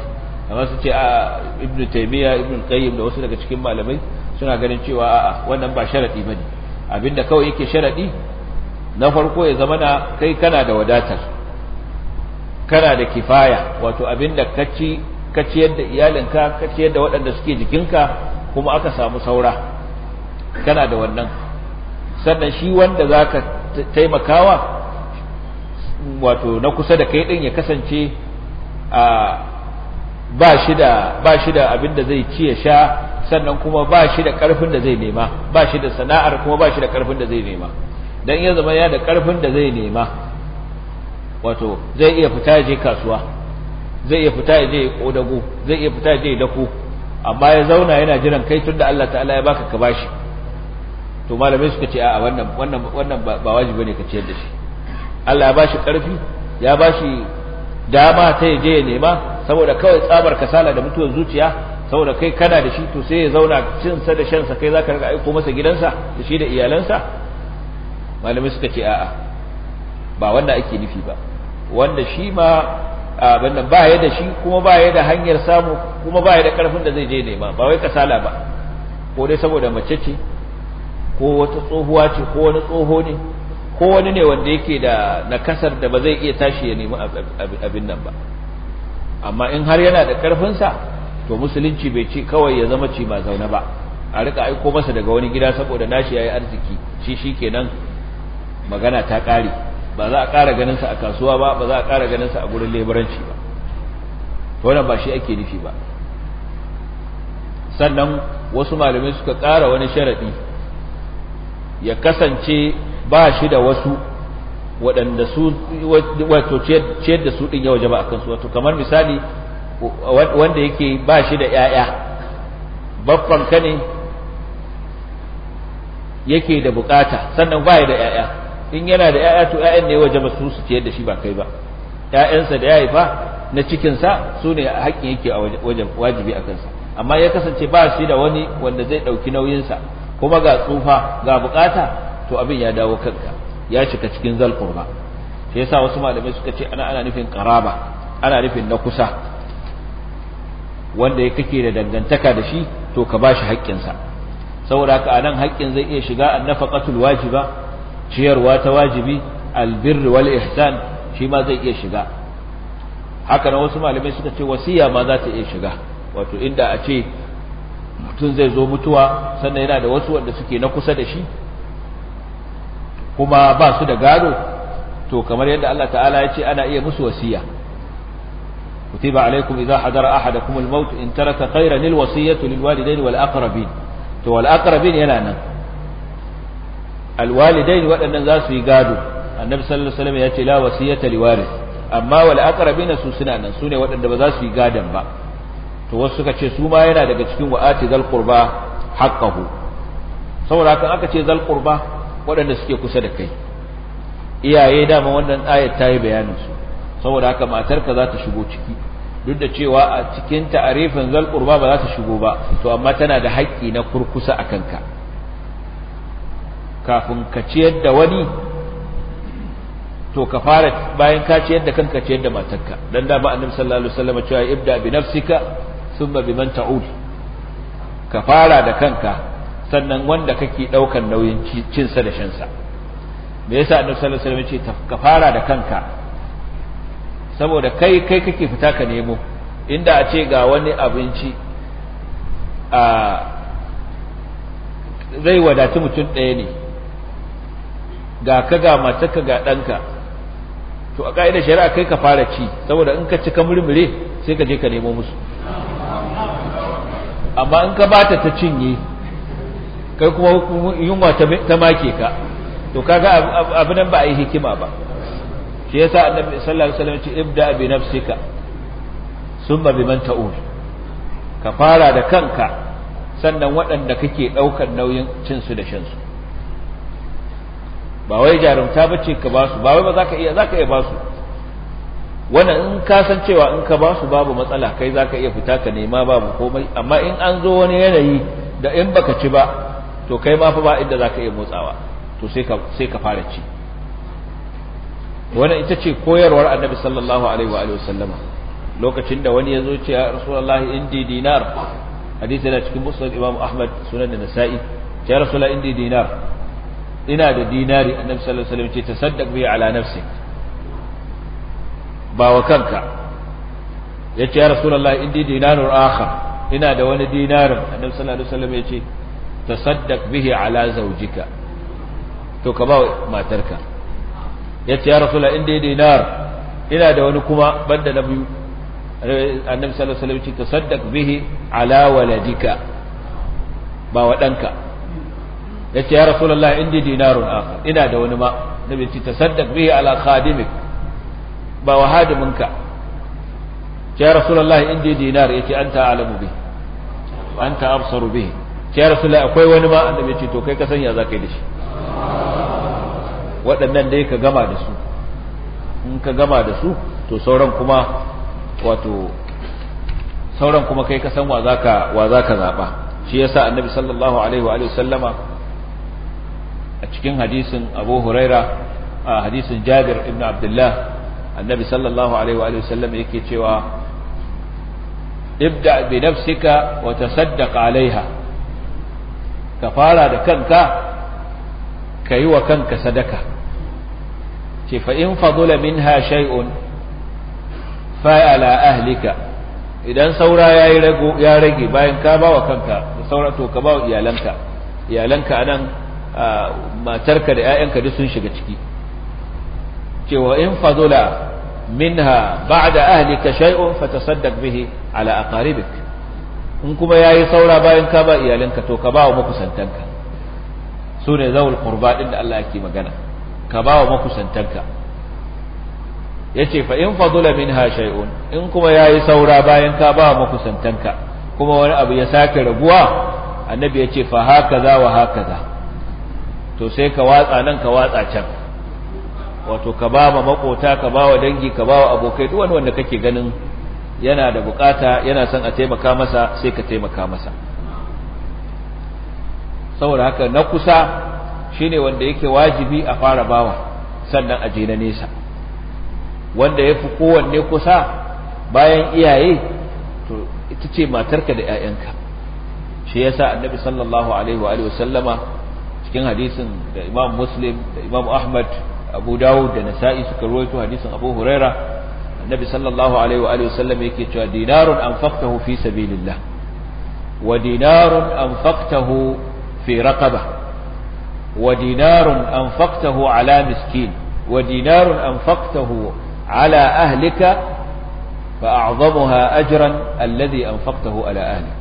amma su ce a ibnu taymiya ibnu qayyim da wasu daga cikin malamai suna ganin cewa a'a wannan ba sharadi bane abinda kawai yake sharadi na farko ya zama na kai kana da wadatar kana da kifaya wato abinda kaci kaci yadda iyalinka kaci yadda waɗanda suke jikinka kuma aka samu saura kana da wannan sannan shi wanda zaka taimakawa wato na kusa da kai din ya kasance a ba shi da ba shi da abinda zai ci ya sha sannan kuma ba shi da ƙarfin da zai nema ba shi da sana'ar kuma ba shi da ƙarfin da zai nema dan ya zama ya da ƙarfin da zai nema wato zai iya fita je kasuwa zai iya fita je kodago zai iya fita je dako amma ya zauna yana jiran kai tun da Allah ta'ala ya baka ka bashi to malamai suka ce a wannan wannan wannan ba wajibi ne ka ciyar da shi Allah ya bashi ƙarfi ya bashi dama ta je ya nema saboda kawai tsabar kasala da mutuwar zuciya saboda kai kana da shi to sai ya zauna cinsa da shansa kai za riga aiko masa gidansa da shi da iyalansa malami suka ce a'a ba wanda ake nufi ba wanda shi ma abin ba ya da shi kuma ba ya da hanyar samu kuma ba ya da karfin da zai je nema ba wai kasala ba ko dai saboda mace ce ko wata tsohuwa ce ko wani tsoho ne ko wani ne wanda yake da nakasar da ba zai iya tashi ya nemi abin nan ba amma in har yana da karfin sa to musulunci bai ce kawai ya zama ci ba zaune ba a rika aiko masa daga wani gida saboda nashi yayi arziki shi shikenan magana ta kare ba za a kara ganin sa a kasuwa ba ba za a kara ganin sa a gurin leburanci ba to wannan ba shi ake nufi ba sannan wasu malamai suka kara wani sharadi ya kasance ba shi da wasu waɗanda su wato ciyar da su ɗin yawa akan su, wato kamar misali wanda yake ba shi da ‘ya'ya ka ne yake da bukata sannan ba da ‘ya'ya in yana da ‘ya'ya to ‘ya'yan ne waje masu su ciyar da shi ba kai ba ‘ya'yansa da ya haifa na cikinsa su ne haƙƙin yake a wajibi a kansa amma ya kasance ba shi da wani wanda zai ɗauki nauyinsa kuma ga tsufa ga bukata to abin ya dawo kanka ya cika cikin zalƙurba shi yasa wasu malamai suka ce ana ana nufin ƙaraba ana nufin na kusa wanda ya kake da dangantaka da shi to ka bashi haƙƙinsa saboda haka anan haƙƙin zai iya shiga annafaqatul wajiba ciyarwa ta wajibi albirr wal ihsan shi ma zai iya shiga haka na wasu malamai suka ce wasiya ma za ta iya shiga wato inda a ce mutum zai zo mutuwa sannan yana da wasu wanda suke na kusa da shi kuma ba su da gado to kamar yadda Allah ta'ala ya ce ana iya musu wasiya كتب عليكم إذا حضر أحدكم الموت إن ترك خيرا الوصية للوالدين والأقربين to wal'aƙarabin yana nan alwalidain waɗannan za su yi gado annabi sallallahu alaihi wasallam ya ce la wasiyata liwaris amma wal'aƙarabin su suna nan su ne waɗanda ba za su yi gadon ba to wasu suka ce su ma yana daga cikin wa'ati zal qurba saboda haka aka ce zalkurba waɗanda suke kusa da kai iyaye dama wannan ayat ta yi bayanin su saboda haka matarka za ta shigo ciki duk da cewa a cikin ta'arifin zal qurba ba za ta shigo ba to amma tana da haƙƙi na kurkusa a kanka kafin ka ciyar da wani to ka fara bayan ka ciyar da kanka ciyar da matarka dan da ba annabi sallallahu alaihi wasallam cewa ibda bi nafsika thumma man ta'ud ka fara da kanka sannan wanda kake daukar nauyin cin sa da shan sa me yasa annabi sallallahu alaihi wasallam ya ce ka fara da kanka saboda kai kai kake fita ka nemo inda a ce ga wani abinci a zai wadatu mutum ɗaya ne ga ka ga matarka ga ɗanka to a ƙa'idar shari'a kai ka fara ci saboda in ka ci ka murmure sai ka je ka nemo musu amma in ka bata ta cinye kai kuma yunwa ta make ka to kaga abu nan ba a yi hikima ba shi yasa annabi sallallahu alaihi wasallam ce ibda bi nafsika summa man ta'ul ka fara da kanka sannan waɗanda kake ɗaukar nauyin cin su da shan su ba wai jarumta bace ka ba su ba wai ba za ka iya za ka iya ba su wannan in ka san cewa in ka ba su babu matsala kai za ka iya fita ka nema babu komai amma in an zo wani yanayi da in baka ci ba to kai ma fa ba inda za ka iya motsawa to sai ka fara ci wannan ita ce koyarwar annabi sallallahu alaihi wa alihi wasallama lokacin da wani ya zo ce ya rasulullah indi dinar hadisi da cikin musnad imam ahmad sunan da nasa'i ya rasulullah indi dinar ina da dinari annabi sallallahu alaihi wasallam ce tasaddaq bi ala nafsi ba wa kanka yace ya rasulullah indi dinarun akhar ina da wani dinarin annabi sallallahu alaihi wasallam yace tasaddaq bihi ala zawjika to ka ba matarka ya ce ya rasula inda ya dinar ina da wani kuma banda na biyu annabi sallallahu alaihi wasallam ta tasaddaq bihi ala waladika ba wa danka ya ce ya rasulullah inda dinarun akhar ina da wani ma nabi ta tasaddaq bihi ala khadimik ba wa hadiminka ce ya rasulullah inda dinar yace anta alamu bihi wa anta absaru bihi ce ya la akwai wani ma annabi ce to kai ka sanya zakai da shi waɗannan dai ka gama da su in ka gama da su to sauran kuma wato sauran kuma kai ka san wa zaka wa zaka zaba shi yasa annabi sallallahu alaihi wa alihi sallama a cikin hadisin Abu Huraira a hadisin Jabir ibn Abdullah annabi sallallahu alaihi wa alihi sallama yake cewa ibda bi nafsika wa tasaddaq alaiha ka fara da kanka ka yi wa kanka sadaka ce fa in fadula minha shay'un fa ala ahlika idan saura yayi rago ya rage bayan ka bawa kanka da saura to ka bawa iyalanka iyalanka nan matarka da 'ya'yanka duk sun shiga ciki cewa in fadula ba da ahlika shay'un fatasaddaq bihi ala aqaribik in kuma ya yi saura bayan ka ba iyalanka to ka bawa makusantanka su ne zawul qurba ɗin da Allah yake magana ka ba wa makusantanka ce fa in fadula ha, shay'un in kuma ya yi saura bayan ka ba wa makusantanka kuma wani abu ya sake raguwa annabi ya ce fa haka za wa haka za. to sai ka watsa nan ka watsa can wato ka ba ma makota ka ba wa dangi ka ba wa abokai duk wanda kake ganin yana da bukata yana son a taimaka masa sai ka taimaka masa saboda haka na kusa shine wanda yake wajibi a fara bawa sannan a je na nesa wanda ya fi kowanne kusa bayan iyaye to ita ce matarka da 'ya'yanka shi ya sa annabi sallallahu alaihi wa alihi wasallama cikin hadisin da imam muslim da imam ahmad abu dawud da nasa'i suka ruwaito hadisin abu huraira annabi sallallahu alaihi wa alihi wasallam yake cewa dinarun anfaqtahu fi sabilillah wa dinarun anfaqtahu fi raqabah ودينار أنفقته على مسكين ودينار أنفقته على أهلك فأعظمها أجرا الذي أنفقته على أهلك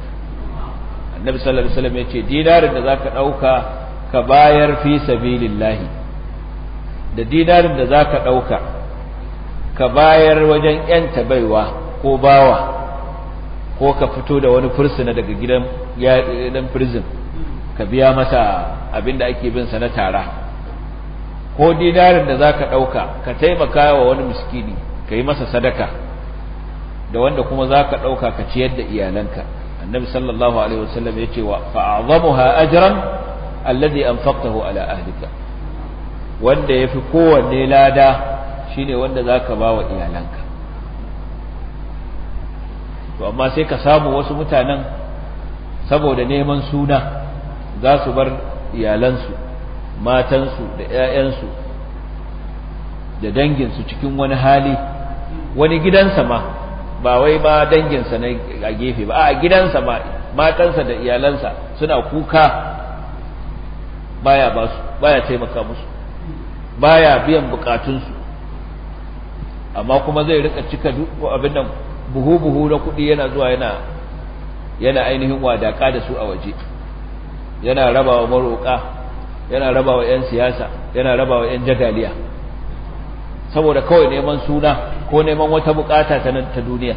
النبي صلى الله عليه وسلم يقول دينار إن ذاك أوكا كباير في سبيل الله دينار إن ذاك za كباير وجن أنت bayar wajen ‘yanta baiwa ko bawa ko ka fito da wani fursuna daga gidan prison ka biya masa abin da ake bin sa na tara ko dinarin da zaka dauka ka taimaka wa wani miskini kai masa sadaka da wanda kuma zaka dauka ka ciyar da iyalanka annabi sallallahu alaihi wasallam yace wa fa'azamuha ajran alladhi anfaqtahu ala ahlika wanda yafi kowanne lada shine wanda zaka ba wa iyalanka to amma sai ka samu wasu mutanen saboda neman suna za su bar iyalansu matansu da 'ya'yansu da danginsu cikin wani hali wani gidansa ma ba wai ba danginsa na a gefe ba a gidansa ma matansa da iyalansa suna kuka baya ba baya taimaka musu baya biyan bukatunsu amma kuma zai rika cika duk abin nan buhu-buhu na kuɗi yana zuwa yana yana ainihin wadaka da su a waje yana rabawa maroƙa yana rabawa 'yan siyasa yana rabawa 'yan jagaliya saboda kawai neman suna ko neman wata bukata ta nan ta duniya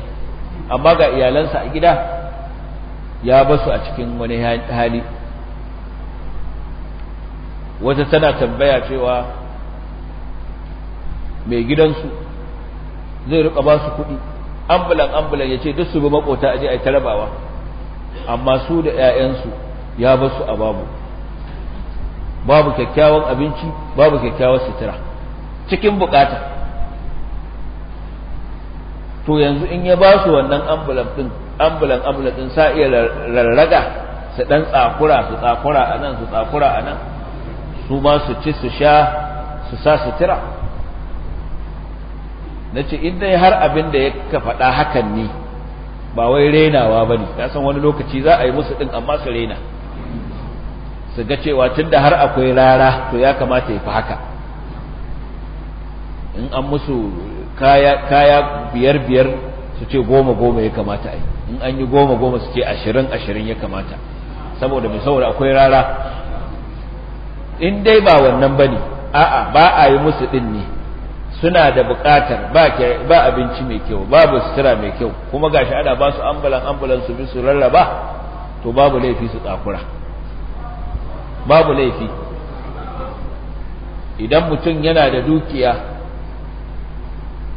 amma ga iyalansa a gida ya basu a cikin wani hali wata tana tambaya cewa mai gidansu zai rika ba su kuɗi ambulan ambulan ya ce duk su bi makota aje a yi tarabawa amma su da 'ya'yansu ya basu a babu babu kyakkyawan abinci babu kyakkyawar sutura cikin bukata to yanzu in ya ba su wannan ambulan din ambulan ambulan din sa iya rarraga su dan tsakura su tsakura a nan su tsakura a nan su ma su ci su sha su sa sutura na ce in har abin da ya ka faɗa hakan ne ba wai renawa ba ne ya san wani lokaci za a yi musu ɗin amma su rena su ga cewa da har akwai rara to ya kamata ya fi haka in an musu kaya biyar biyar su ce goma goma ya kamata ai in an yi goma goma su ce ashirin ashirin ya kamata saboda mai saboda akwai rara in dai ba wannan ba ne a'a ba a yi musu din ne suna da bukatar ba abinci mai kyau babu sutura mai kyau kuma gashi ana ba su ambulan ambulan su bi su rarraba to babu laifi su tsakura babu laifi idan mutum yana da dukiya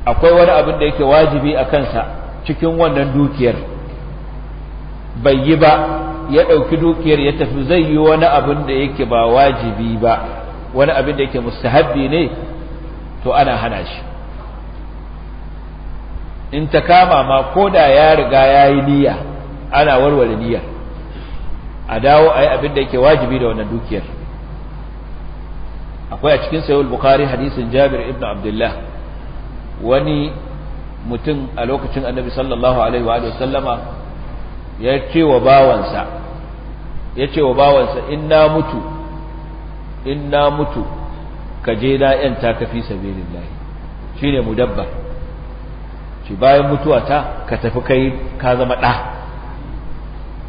akwai wani abin da yake wajibi a kansa cikin wannan dukiyar bai yi ba ya ɗauki dukiyar ya tafi zai yi wani abin da yake ba wajibi ba wani abin da yake mustahabbi ne to ana hana shi in ta kama ma ko da ya riga ya yi niyya ana warware niyyar a dawo a yi abin da yake wajibi da wannan dukiyar akwai a cikin sayo bukhari hadisin jabir ibn abdullah wani mutum a lokacin annabi sallallahu alaihi wa sallama ya ce wa bawansa ya ce wa bawansa inna mutu inna mutu ka je na yan sabilillahi shine mudabba shi bayan mutuwa ta ka tafi kai ka zama ɗa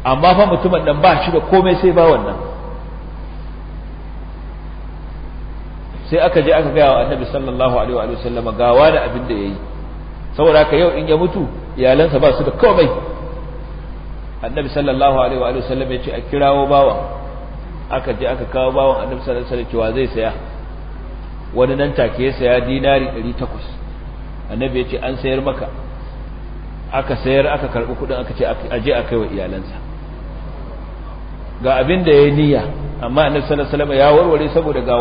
amma fa mutumin nan ba shi da komai sai ba wannan sai aka je aka gaya wa annabi sallallahu alaihi wa sallama gawa da abin da yayi saboda haka yau in ya mutu iyalansa ba su da komai annabi sallallahu alaihi wa sallam ya ce a kirawo bawan aka je aka kawo bawan annabi sallallahu alaihi cewa zai saya wani nan take ya saya dinari 800 annabi ya ce an sayar maka aka sayar aka karbi kudin aka ce aje a kai wa iyalansa ga abin da ya yi niyya amma annabi sallallahu alaihi wasallam ya warware saboda ga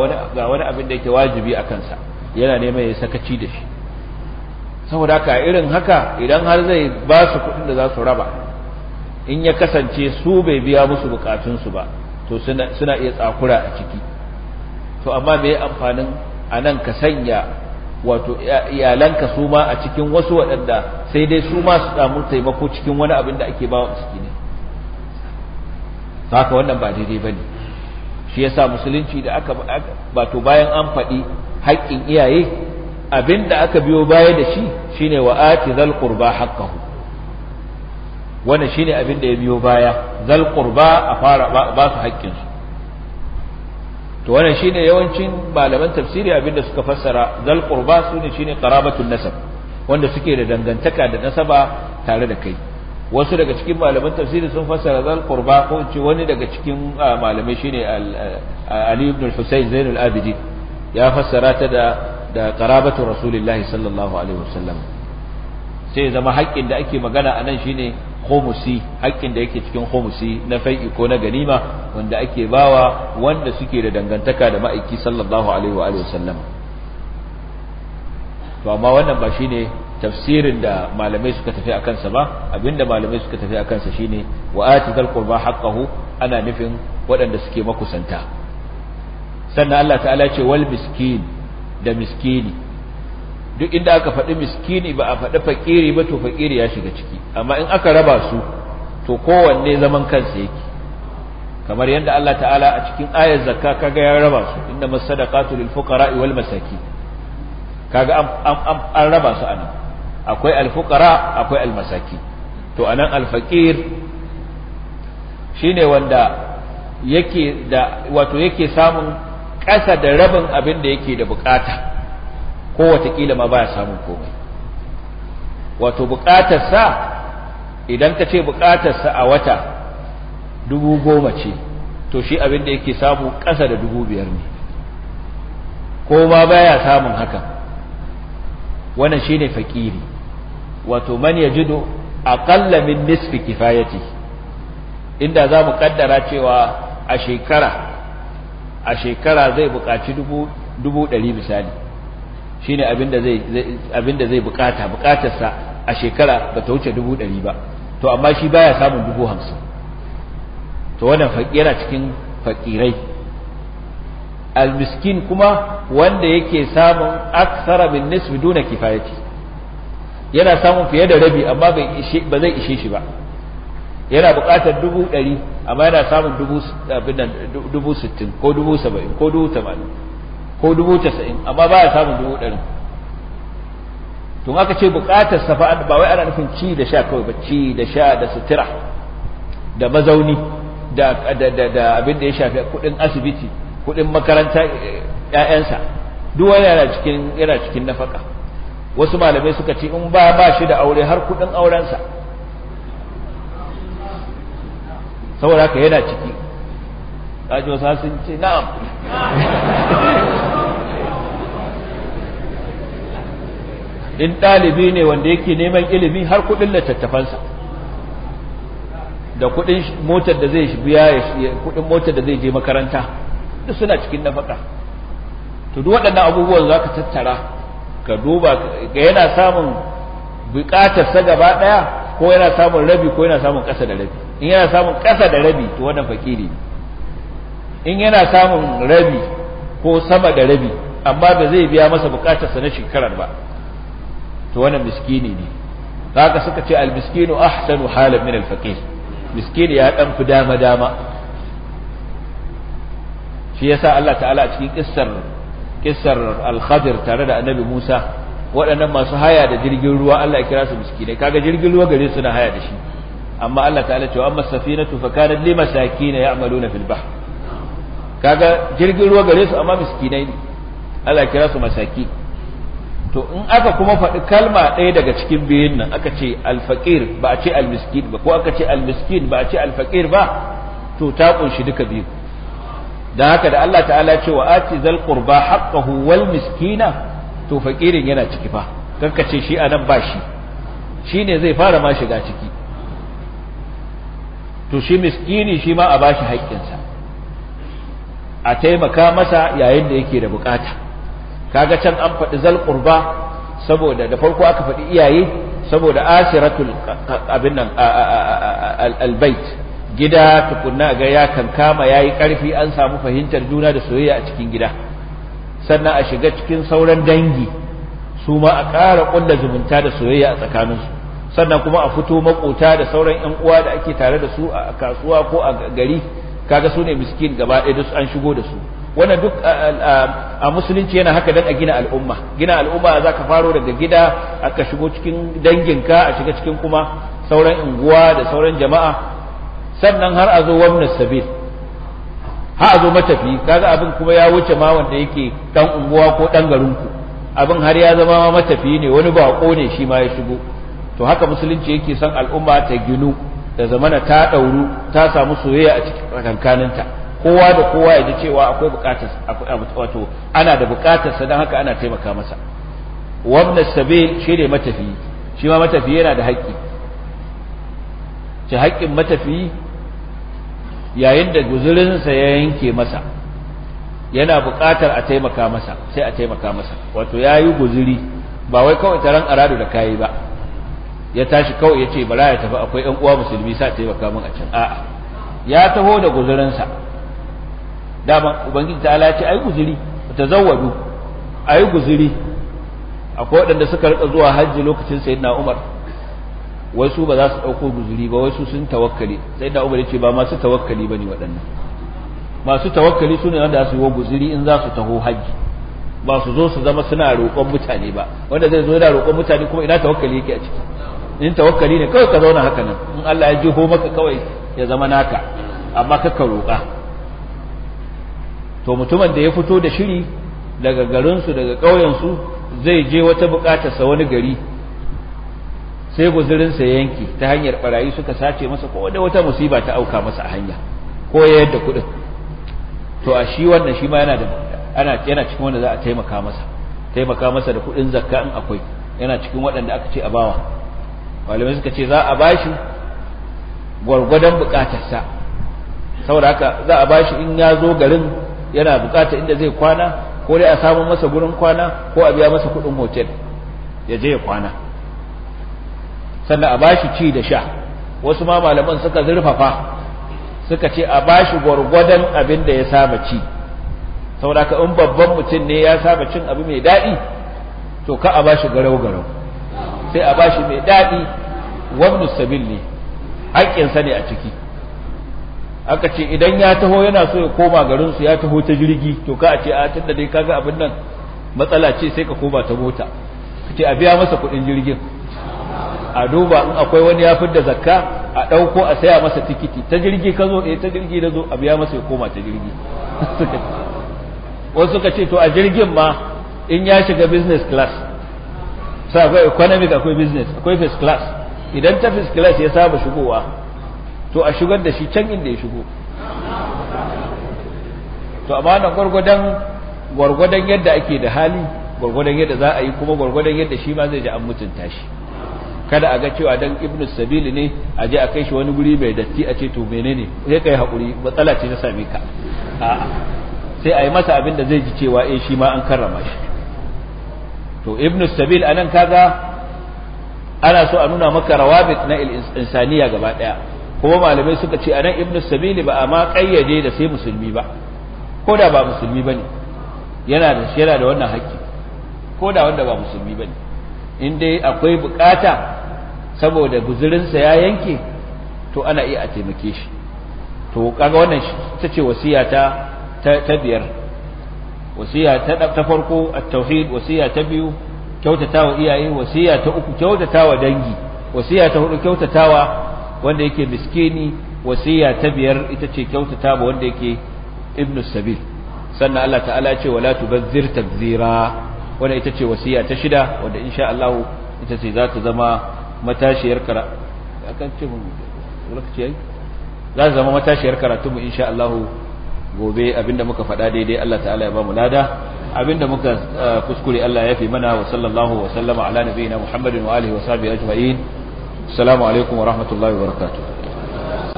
wani ga abin da yake wajibi a kansa yana neman ya sakaci da shi saboda haka irin haka idan har zai ba su kuɗin da za su raba in ya kasance su bai biya musu bukatunsu ba to suna iya tsakura a ciki to amma me amfanin nan ka sanya wato iyalanka su ma a cikin wasu waɗanda sai dai su ma su samu taimako cikin wani abin da ake bawa wa miskini haka wannan ba daidai ba ne shi ya sa musulunci da aka to bayan an faɗi haƙƙin iyaye abin da aka biyo baya da shi shine wa ati zal qurba haqqahu wannan shine abin da ya biyo baya zal qurba a fara ba su haƙƙinsu to wannan shine yawancin malaman tafsiri abin da suka fassara zal ne shi ne ƙarabatun nasab wanda suke da dangantaka da nasaba tare da kai wasu daga cikin malaman tafsiri sun fassara zal qurba ko ce wani daga cikin ah, malamai shine ah, ah, ali ibn al-husayn al abidin ya fassara ta da da qarabatu rasulillahi sallallahu alaihi wasallam sai zama haƙƙin da ake magana anan shine khumusi haƙƙin da yake cikin khumusi na fai'i ko na ganima wanda ake bawa wanda suke da dangantaka da ma'aiki sallallahu alaihi wa alihi wasallam to amma wannan ba shine tafsirin da malamai suka tafi akan sa ba abinda malamai suka tafi akan sa shine wa ati zal qurba haqqahu ana nufin waɗanda suke makusanta sannan Allah ta'ala ce wal miskin da miskini duk inda aka faɗi miskini ba a faɗi fakiri ba to fakiri ya shiga ciki amma in aka raba su to kowanne zaman kansa yake kamar yadda Allah ta'ala a cikin ayar zakka kaga ya raba su inna masadaqatu lil fuqara wal masakin kaga an raba su anan akwai alfukara akwai almasaki to anan alfaqir shine wanda yake da wato yake samun ƙasa da rabin abin da yake da bukata ko watakila ma baya samun komai wato bukatarsa idan ka ce bukatarsa a wata dubu goma ce to shi abin da yake samu ƙasa da dubu biyar ne ko ma baya samun haka wannan shine fakiri wato man yajidu aqalla min nisfi kifayati inda za mu kaddara cewa a shekara a shekara zai buƙaci dubu dubu ɗari misali shine abinda zai abinda zai buƙata buƙatarsa a shekara ba ta wuce dubu ɗari ba to amma shi baya samun dubu hamsin to wannan yana cikin fakirai almiskin kuma wanda yake samun aksara min nisfi duna kifayati yana samun fiye da rabi amma ba zai ishe shi ba yana buƙatar dubu ɗari amma yana samun dubu sittin ko dubu saba'in ko dubu tamanin ko dubu tasa'in amma ba ya samun dubu dari. tun aka ce buƙatar safa ba wai ana nufin ci da sha kawai ba ci da sha da sutura da mazauni da abin da ya shafi kuɗin asibiti kuɗin makaranta 'ya'yansa eh, duk wani yana cikin nafaka wasu malamai suka ce in ba ba shi da aure har kudin aurensa saboda haka yana ciki kaji wasu sun ce na'am in ɗalibi ne wanda yake neman ilimi har kudin littattafansa da kudin motar da zai biya ya kudin motar da zai je makaranta duk suna cikin nafaka to duk waɗannan abubuwan za ka tattara ka duba ga yana samun sa gaba daya ko yana samun rabi ko yana samun ƙasa da rabi in yana samun ƙasa da rabi to wannan fakiri ne in yana samun rabi ko sama da rabi amma ba zai biya masa sa na shekarar ba to wannan miskini ne haka suka ce al-miskinu ahsanu halan min al-faƙi. al-faqir miskini ya dan fi dama dama shi yasa Allah ta'ala a cikin kissar Kisar al tare da annabi Musa waɗannan masu haya da jirgin ruwa Allah ya kira su miskinai kaga jirgin ruwa gare su na haya da shi amma Allah ta'ala cewa amma safinatu ne kanat li masakin ya'maluna fil bahr kaga jirgin ruwa gare su amma miskinai ne Allah ya kira su masaki to in aka kuma faɗi kalma ɗaya daga cikin biyun nan aka ce al ba a ce al ba ko aka ce al ba a ce al ba to ta kunshi duka biyu da haka da Allah ta'ala ce wa ati zal qurba haqqahu wal miskina to fakirin yana ciki fa kanka ce shi anan ba shi shine zai fara ma shiga ciki to shi miskini shi ma a bashi haƙƙinsa a taimaka masa yayin da yake da bukata kaga can an faɗi zal qurba saboda da farko aka faɗi iyaye saboda asiratul abin nan albait gida tukunna ga ya kankama ya yi ƙarfi an samu fahimtar juna da soyayya a cikin gida sannan a shiga cikin sauran dangi su ma a ƙara ƙulla zumunta da soyayya a tsakaninsu sannan kuma a fito makota da sauran ƴan uwa da ake tare da su a kasuwa ko a gari kaga su ne miskin gaba ɗaya su an shigo da su wannan duk a musulunci yana haka dan a gina al'umma gina al'umma za ka faro daga gida aka shigo cikin danginka a shiga cikin kuma sauran unguwa da sauran jama'a sannan har a zo wamna sabil har a zo matafi kaga abin kuma ya wuce ma wanda yake dan unguwa ko dan garinku abin har ya zama ma matafi ne wani bako ne shi ma ya shigo to haka musulunci yake son al'umma ta ginu da zamana ta dauru ta samu soyayya a cikin kankaninta kowa da kowa ya ji cewa akwai bukatar wato ana da bukatar sa dan haka ana taimaka masa wannan sabil shi ne matafi shi ma matafi yana da haƙƙi ce haƙƙin matafi yayin da guzurinsa ya yanke masa yana buƙatar a taimaka masa sai a taimaka masa wato ya yi guzuri ba wai kawai taron aradu da kayi ba ya tashi kawai ya ce bala ya tafi akwai ‘yan uwa musulmi sa taimaka min a can a'a ya taho da guzurinsa dama ubangiji ta ala ce a yi guzuri ta zawwadu a yi guzuri akwai waɗanda suka rika zuwa hajji lokacin sayyidina umar wai su ba za su ɗauko guzuri ba wai su sun tawakkali sai da umar ce ba masu tawakkali ba ne waɗannan masu tawakkali su ne wanda su yi wa guzuri in za su taho hajji ba su zo su zama suna roƙon mutane ba wanda zai zo yana roƙon mutane kuma ina tawakkali yake a ciki in tawakkali ne kawai ka zauna haka nan in Allah ya jiho maka kawai ya zama naka amma kakka roƙa to mutumin da ya fito da shiri daga garinsu daga ƙauyensu zai je wata buƙatarsa wani gari sai guzurinsa ya yanki ta hanyar barayi suka sace masa ko da wata musiba ta auka masa a hanya ko ya yadda kuɗin to a shi wannan shi ma yana da ana yana cikin wanda za a taimaka masa taimaka masa da kuɗin zakka in akwai yana cikin waɗanda aka ce a bawa malamai suka ce za a bashi gwargwadon bukatarsa saboda haka za a bashi in ya zo garin yana bukata inda zai kwana ko dai a samu masa gurin kwana ko a biya masa kuɗin hotel ya je ya kwana sannan a bashi ci da sha wasu ma malaman suka zurfafa suka ce a bashi gwargwadon abin da ya saba ci saboda ka in babban mutum ne ya saba cin abu mai daɗi to ka a bashi garau garau sai a bashi mai daɗi wabnu sabil ne haƙƙinsa ne a ciki aka ce idan ya taho yana so ya koma garinsu ya taho ta jirgi to ka a ce a tunda dai kaga abin nan matsala ce sai ka koma ta mota ka a biya masa kuɗin jirgin a duba in akwai wani ya fidda zakka a ɗauko a saya masa tikiti ta jirgi ka zo eh ta jirgi na zo a biya masa ya koma ta jirgi <laughs> wasu suka ce to a jirgin ma in ya shiga business class sai akwai economic akwai business akwai first class idan ta first class ya saba shigowa to a shigar da shi can inda ya shigo to amma na gwargwadon gwargwadon yadda ake da hali gwargwadon yadda za a yi kuma gwargwadon yadda shi ma zai ji an mutunta shi kada a ga cewa dan ibnu sabil ne a je a kai shi wani guri mai datti a ce to menene sai kai hakuri matsala ce ta same ka a'a sai a yi masa abin da zai ji cewa eh shi ma an karrama shi to ibnu sabil anan kaga ana so a nuna maka rawabit na insaniya gaba daya kuma malamai suka ce anan ibnu sabil ba a ma da sai musulmi ba ko da ba musulmi bane yana da yana da wannan haƙƙi ko da wanda ba musulmi bane in dai akwai bukata saboda guzurinsa ya yanke to ana iya a taimake shi to kaga wannan ta ce wasiya ta ta biyar wasiya ta farko at-tauhid wasiya ta biyu kyautatawa iyaye wasiya ta uku kyautatawa dangi wasiya ta hudu kyautatawa wanda yake miskini wasiya ta biyar ita ce kyautatawa wanda yake ibnu sabil sannan Allah ta'ala ya ce wala tubazzir tabzira wanda ita ce wasiya ta shida wanda insha Allah ita ce za ta zama matashiyar kara akan ce mu lokaci yayi za zama matashiyar karatunmu insha Allah gobe abinda muka faɗa daidai Allah ta'ala ya bamu lada abinda muka eh, kuskure Allah ya fi mana wa sallallahu wa sallama ala nabiyina Muhammadin wa alihi wa sahbihi ajma'in assalamu alaikum wa rahmatullahi wa barakatuh